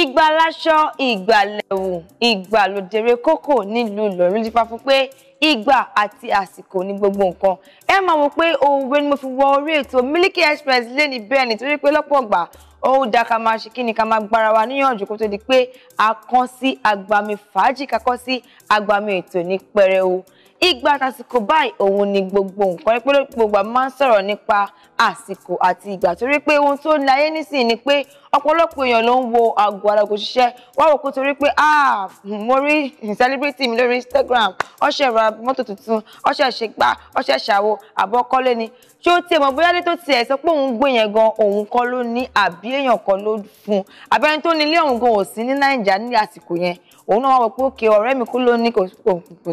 Igba láṣọ ìgbà lẹ̀wù ìgbà lòdèrè kókò nílùú Ìlọrin ló ti fa fún pé ìgbà àti àsìkò ní gbogbo nǹkan ẹ máa wò pé òwe ni mo fi wọ orí ètò Miliki Express lẹ́ni bẹ́ẹ̀ nítorí pé lọ́pọ̀ ọgbà ó dá ká máa ṣe kí ni ká máa gbára wa níyànjú kó tó di pé a kán sí agbami fàájì ká kán sí agbami ètò ní pẹrẹu Igba àtàsìkò báyìí òun ni gbogbo nǹkan pé gbogbo àmọ́ máa nipa sọ̀rọ̀ ati igba. àti ìgbà torí pé ohun tó ń láyé nísìnyí ni pé ọ̀pọ̀lọpọ̀ èèyàn ló ń wo àgọ́ alágò ṣiṣẹ́ wá wò kó torí pé ah mo rí celebrity mi lórí Instagram ọṣẹ ra mọ́tò tuntun ọṣẹ ṣe gbá ọṣẹ ṣàwo àbọ̀ kọ́lé ni tí ó tiẹ̀ mọ̀ bóyá lè tó tiẹ̀ sọ pé òun gbé yẹn gan òun kọ́ ló ní àbí èèyàn kan ló fún un àbẹ́ni tó ní ilé òun gan ò sí ní Nàìjíríà ní àsìkò yẹn òun náà wá wò pé òkè ọ̀rẹ́ mi kú ló ní kò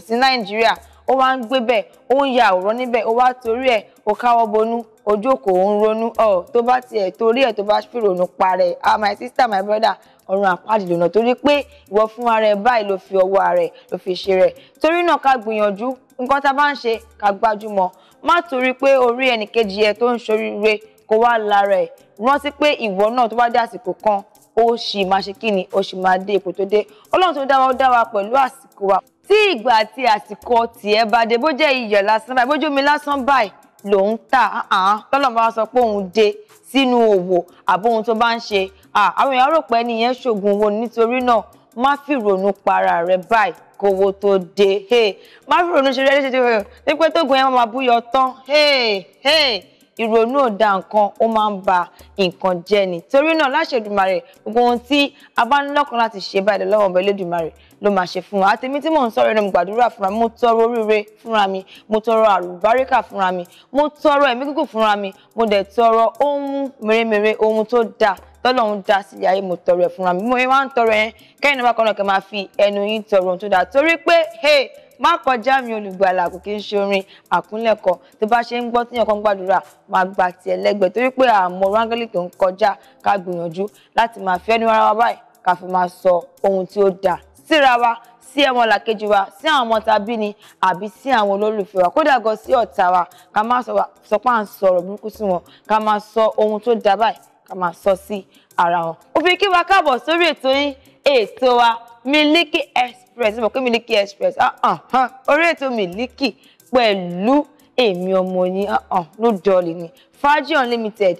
sí Nàìjíríà ó wá ń gbé bẹ́ẹ̀ ó ń ya àwòrán níbẹ̀ ó wá torí ẹ̀ ó káwọ́ bonú ojókòó ń ronú ọ tó bá tiẹ̀ torí ẹ̀ tó bá fìrònú parẹ́ ah my sister my brother ọ̀run àpáàdì lọ́nà torí pé ìwọ fún ara ẹ báyìí ló fi ọwọ́ ara ẹ ló fi ṣe rẹ̀ torí náà ká gbìyànjú nǹkan tá a bá ń ṣe ká gbájúmọ́ má torí pé orí ẹnìkejì ẹ tó ń ṣoríire kó wá lára ẹ rántí pé ìwọ náà tó bá dé àsìkò kan ó sì máa ṣe kíni ó sì máa dé ipò tó dé ọlọ́run tó dá wa ó wa pẹ̀lú àsìkò wa tí ìgbà àti àsìkò tiẹ̀ bá dé bó jẹ́ iyọ̀ lásán báyìí bójú omi lásán báyìí lòun tà án tọ́lọ́run bá sọ pé òun dé sínú òwò àbóhun tó bá ń ṣe àwọn èèyàn rò pé ẹnìyẹn ṣògùn owó nítorí náà má fi ronú para rẹ báyìí kówó tó dé má fi ronú ṣe rẹ tó pé tóògùn máa búyọ tán ìrònú òdà nǹkan ó máa ń ba nǹkan jẹ́ ni torí náà láṣẹ Èdùmàrè gbogbo ohun tí a bá ní lọ́kàn láti ṣe báyìí lọ́wọ́ ọ̀bẹ Elédùmarè ló máa ṣe fún wa àtẹ̀mí tí mò ń sọ̀rọ̀ ẹnu gbàdúrà fúnra mi mo tọrọ oríire fúnra mi mo tọrọ àlùbáríkà fúnra mi mo tọrọ ẹ̀mí gígùn fúnra mi mo dẹ̀ tọrọ ohun mèremère ohun tó dáa tọ́lọ́run dá sílé ayé mo tọrọ ẹ̀ fúnra mi mo máa ń tọrọ ẹ̀ kẹ́yìn náà bákan náà kẹ́ máa fi ẹnu yín tọrọ ohun tó dáa torí pé má kọjá mi olùgbàlà kò kí n ṣe orin àkúnlẹ̀kọ tó bá ṣe ń gbọ́ tíyàn kan gbàdúrà máa gba tiẹ̀ lẹ́gbẹ̀ẹ́ torí pé àmọ́ rángẹ́lì tó ń kọjá ká gbìyànjú láti máa fi ẹnu ara wa báyìí ká fi máa sọ ohun tí ó dáa síra wa sí ẹmọ làkejì wa sí àwọn ọmọ tàbí ni àbí sí àwọn olólùfẹ́ wa kódà gan sí ọ̀tá wa ká má sọ pá ń sọ̀rọ̀ burúkú sí wọn ká máa sọ ohun tó dáa báyìí ká máa sọ sí ara wọn. òfin Miliki Express express mo pé miliki express ah, ah, ah. orí ètò miliki pẹ̀lú èmi ọmọ yín ló jọlì ní Fàájì Unlimited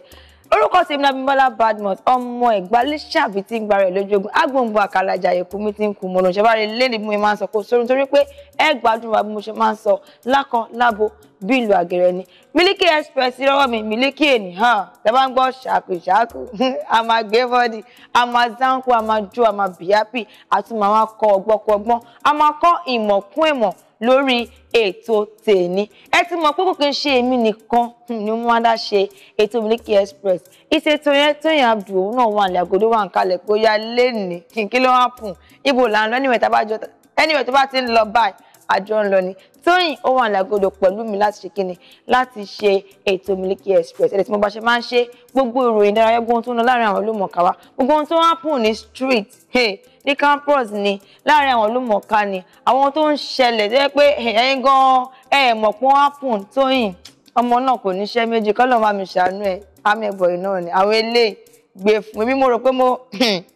orúkọ tèmi náà Bímbọ́lá Badmus ọmọ Ẹ̀gbá Lísàbí tí ń gbára ẹ̀ lójoogun agbóǹbó àkàlà àjàyèkú mi ti ń kun mọ́nà ìṣẹ́bá rẹ̀ lé ní bí mo máa ń sọ kó sórí nítorí pé ẹ gbádùn wa bí mo ṣe máa ń sọ lákan lábo bí ìlú àgẹ̀rẹ̀ ni Miliki Express lọ́wọ́ mi Miliki ènì hàn lọ́ba ń gbọ́ ṣàkùṣàkù a máa gbé bọ́dì a máa zánkù a máa jó a máa bìyàpì àti màá kọ ọgbọ́kọgbọ́n a máa kọ́ ìmọ̀ lórí ètò tèmi ẹ ti mọ̀ pé kò kí n ṣe èmi nìkan ni mo dá ṣe ètò Miliki Express ìṣètò yẹn Tóyìn Abdul òun náà wà ní àgọ́dọ̀ wà ń kalẹ̀ pé ó yá lẹ́nìí kí ló wá pùn ibo là ń lọ ẹnìwẹ̀ tó bá ti ń lọ báyìí àjọ ń lọ ni Tóyìn ó wà lágodo pẹ̀lú mi láti ṣe kíni láti ṣe ètò Miliki Express ẹ̀dẹ̀ tí mo bá ṣe máa ń ṣe gbogbo ìròyìn ìdárayá gbogbo ohun tó ń lọ láàrin àwọn olómọ̀ọ́ká gbogbo ohun tó wá pùn ní street Lycanpros ni láàrin àwọn olùmọ̀ọ́ká ni àwọn tó ń ṣẹlẹ̀ tó yẹ pé ẹ̀yìn gan-an ẹ̀ mọ̀ pọ́n ápùn tóyìn ọmọ náà kò níṣẹ́ méjì kọ́ lọ́ọ́ máa mi ṣàánú ẹ̀ amẹ́bọ̀ iná ni àwọn eléyìí gbé fún mi mo rò pé mo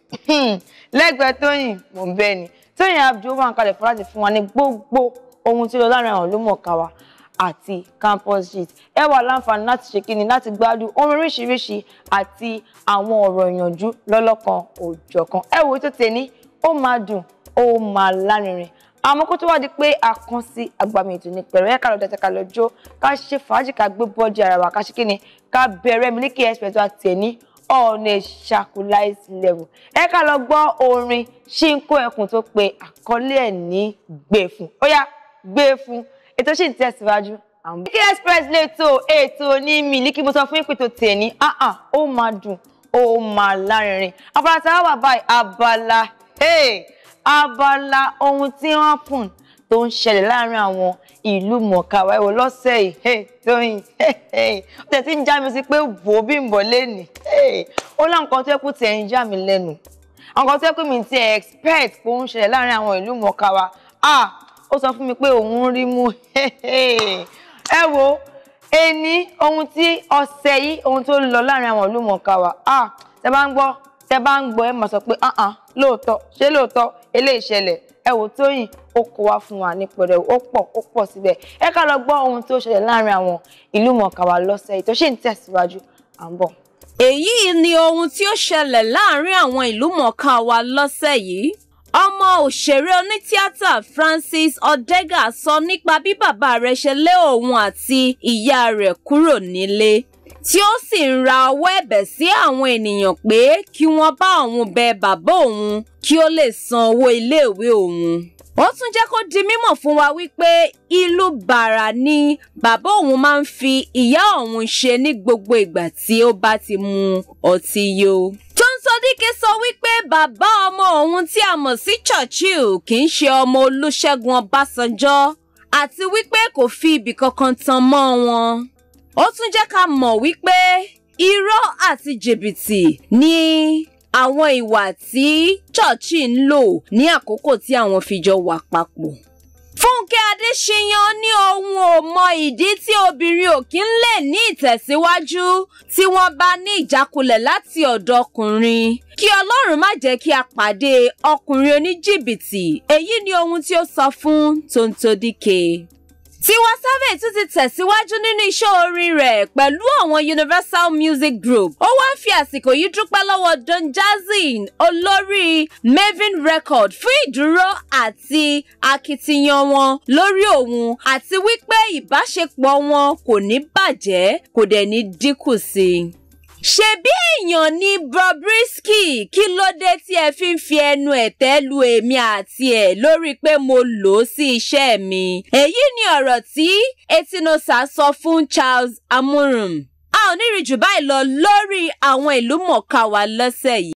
lẹ́gbẹ̀ẹ́ tóyìn mò ń bẹ́ẹ̀ ni tóyìn abdul wà ń kalẹ̀ fún láti fún wa ní gbogbo ohun tí lọ láàrin àwọn olùmọ̀ọ́ká wa àti campus gist ẹ wà láǹfààní láti ṣe kíni láti gbádùn ohun oríṣiríṣi àti àwọn ọ̀rọ̀ ìyànjú lọ́lọ́kan òjọ̀kan ẹ wo tó tẹ̀ ní ó máa dùn ó máa lárinrin àmọ́ kó tó wá di pé a kàn sí agbami ètò ní pẹ̀lú ẹ̀ka lọ́dọ̀ tẹ̀ka lọ́jọ́ ká ṣe fàájì ká gbé bọ́ọ̀dì ara wa ká ṣe kíni ká bẹ̀rẹ̀ Miliki Express tó àti ẹ̀ ọ̀nà ìṣàkùláìs level ẹ̀ka lọ gbọ́ orin ṣínkó ẹkùn tó pe àkọlé ẹ̀ ní gbẹ̀fún ó yá gbẹ̀fún ètò sì ń tẹ̀síwájú. Miliki Express lẹ́tọ̀ ètò ní Miliki mo sọ fún ìpètò tèmi ah, ah, ó máa dùn ó máa lárinrin abala tá wà báyìí abala abala ohun tí wọ́n pùn tó ń ṣẹlẹ̀ láàrin àwọn ìlú mọ̀ọ́ká wa ẹ̀wọ̀ lọ́sẹ̀ yìí tóyìn ó tẹ̀ tí ń já mi sí pé wò ó bí ń bọ̀ lẹ́nìí ó láwọn nǹkan tó yẹ kó ń já mi lẹ́nu àwọn nǹkan tó yẹ mi ti expect kó ń ṣẹlẹ̀ láàrin àwọn ìlú mọ̀ọ́ká wa ah, ó sọ fún mi pé òun rí mú ẹ wo ẹni ohun tí ọ̀sẹ̀ yìí ohun tó ń lọ láàrin àwọn olùmọ̀ọ́ká wa tẹ bá ń gbọ́ tẹ bá ń gbọ́ ẹ máa sọ pé ahàn lóòótọ́ ṣé lóòótọ́ eléyìí ṣẹlẹ̀ ẹ wò Tóyìn ó kó wá fún wa ní pẹrẹ ó pọ̀ ó pọ̀ síbẹ̀ ẹ ká lọ gbọ́ ohun tó ṣẹlẹ̀ láàrin àwọn ìlú mọ̀ọ́ká wa lọ́sẹ̀ yìí tó ṣì ń tẹ̀síwájú à ń bọ̀. èyí ni ohun tí ó ṣẹlẹ̀ láàrin àwọn ìlú mọ̀ọ́ká wa lọ́sẹ̀ yìí ọmọ òṣèré onítíátà Francis Odega sọ nípa bí bàbá rẹ̀ ṣe lé òun àti ìyá rẹ̀ kúrò nílé tí ó sì ń ra ọwọ́ ẹ̀bẹ̀ sí àwọn ènìyàn pé kí wọ́n bá òun bẹ bàbá òun kí ó lè san owó iléèwé òun. ó tún jẹ́ kó di mímọ̀ fún wa wípé ìlú bàrà ni bàbá òun máa ń fi ìyá òun ṣe ní gbogbo ìgbà tí ó bá ti mu ọtí yó. Adeleke sọ wípé bàbá ọmọ òun tí a mọ̀ sí Churchill kì í ṣe ọmọ Olúṣẹ́gun Ọbásanjọ́ àti wípé kò fi ibì kankan tan mọ́ wọn. Ó tún jẹ́ ká mọ̀ wípé irọ́ àti jìbìtì ni àwọn ìwà tí Churchill ń lò ní àkókò tí àwọn fi jọ wà papọ̀. Fúnkẹ́ Adéṣíyàn ní ohun ìdí tí obìnrin ò kí ń lè ní ìtẹ̀síwájú tí wọ́n bá ní ìjákulẹ̀ láti ọ̀dọ̀ ọkùnrin. Kí Ọlọ́run má jẹ́ kí a pàdé ọkùnrin oníjìbìtì èyí ni ohun tí ó sọ fún Tonto Tiwa Savage tún ti tẹ̀síwájú nínú iṣẹ́ orin rẹ̀ pẹ̀lú àwọn Universal Music Group. Ó wá ń fi àsìkò yìí dúpẹ́ lọ́wọ́ Don Jazzy olórí Maven Record fún ìdúró àti akitiyan wọn lórí òun àti wípé ìbáṣepọ̀ wọn kò ní bàjẹ́ kò dẹ̀ ní dínkù sí i ṣebí èèyàn ni Bobrisky kí ló dé tí ẹ fi ń fi ẹnu ẹ̀tẹ́ lu èmi àti ẹ̀ lórí pé mo lò ó sí iṣẹ́ mi èyí ni ọ̀rọ̀ tí Etinosa sọ fún Charles Amurum a ò ní rí jù báyìí lọ lórí àwọn ìlú mọ̀ọ́ká wa lọ́sẹ̀ yìí.